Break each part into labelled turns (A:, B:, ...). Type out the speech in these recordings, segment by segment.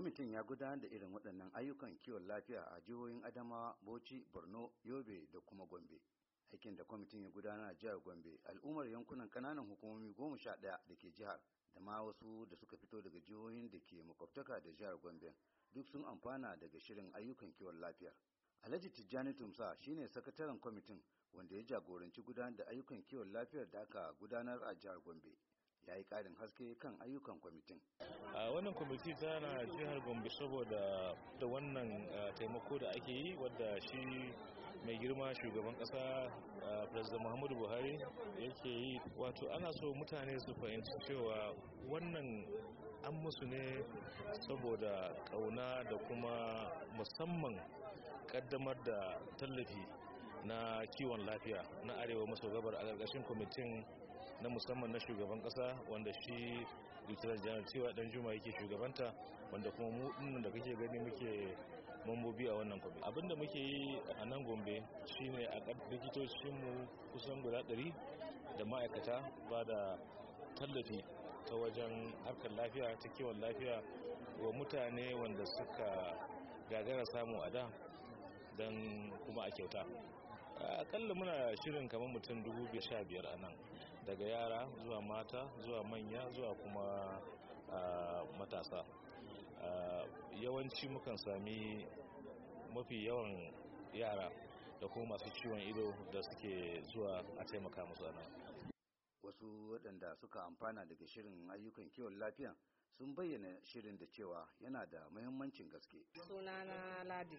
A: kwamitin ya gudanar da irin waɗannan ayyukan kiwon lafiya a jihohin adamawa bauchi borno yobe da kuma gombe aikin da kwamitin ya gudanar a jihar gombe al'ummar yankunan kananan hukumomi goma sha ɗaya da ke jihar da ma wasu da suka fito daga jihohin da ke makwabtaka da jihar gombe duk sun amfana daga shirin ayyukan kiwon lafiyar alhaji tijjani tumsa shine sakataren kwamitin wanda ya jagoranci gudanar da ayyukan kiwon lafiyar da aka gudanar a jihar gombe ya yi ƙarin haske kan ayyukan kwamitin wannan kwamiti tana
B: jihar gombe saboda da wannan eh, taimako da ake yi wadda shi mai girma shugaban kasa eh, president muhammadu buhari yake yi wato ana so mutane su fahimci cewa wannan an musu ne saboda kauna da kuma musamman kaddamar da tallafi na kiwon lafiya na arewa maso gabar a ƙarƙashin kwamitin na musamman na shugaban ƙasa wanda shi lieutenant general cewa dan juma yake shugabanta wanda kuma mu dinnan da kake gani muke mambobi a wannan kwamiti abinda muke yi a nan gombe shine a mu kusan guda 100 da ma'aikata ba da tallafi ta wajen harkar lafiya ta kiwon lafiya wa mutane wanda suka gagara samu a da don kuma a kyauta akalla muna shirin kamar mutum 2015 a nan daga yara zuwa mata zuwa manya zuwa kuma matasa yawanci mukan sami mafi yawan yara da kuma masu ciwon ido da suke zuwa a taimaka musu ana
A: wasu waɗanda suka amfana daga shirin ayyukan kiwon lafiya sun bayyana shirin da cewa yana da muhimmancin gaske.
C: Suna na Ladi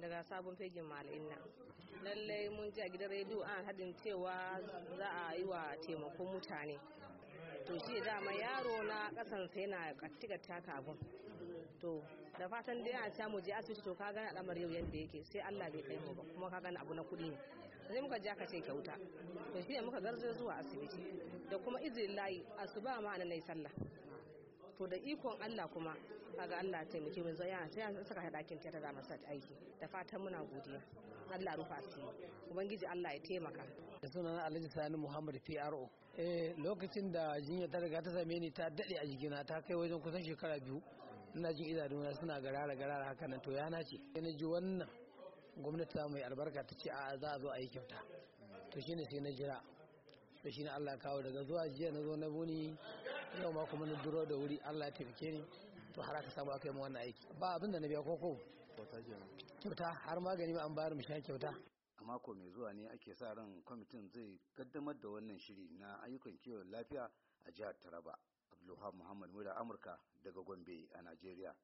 C: daga sabon fegin malayin nan. Lallai mun ji a gidan rediyo an hadin cewa za a yi wa taimakon mutane.
B: To shi dama yaro na kasan
C: sai na kattika taka abun. To da fatan dai a mu je asibiti to ka gani al'amari yau yadda yake sai Allah bai kai mu ba kuma ka gani abu na kuɗi ne. Sai muka ja ka ce kyauta. To shi muka garzo zuwa asibiti da kuma izinin layi asuba ma nan nayi sallah. to da ikon Allah kuma kaga Allah taimake mu zai yana saka ta dakin ta da masa aiki da fatan muna godiya Allah rufa su ubangiji Allah ya taimaka da sunan Alhaji Sani Muhammad PRO
D: eh lokacin da jinya ta riga ta same ni ta dade a jikina ta kai wajen kusan shekara biyu ina jin idanuna suna garara garara haka nan to yana ce ina ji wannan gwamnati mai albarka ta ce a za a zo a yi kyauta to shine sai na jira da shi na Allah kawo daga zuwa jiya na zo na buni yau ma kuma na duro da wuri Allah ya taimake ni to har aka samu aka yi wannan aiki ba abin da na biya koko kyauta har magani ma an bayar mu shan kyauta
A: a mako mai zuwa ne ake sa ran kwamitin zai kaddamar da wannan shiri na ayyukan kiwon lafiya a jihar Taraba Abdulhamid Muhammad Mura Amurka daga Gombe a Najeriya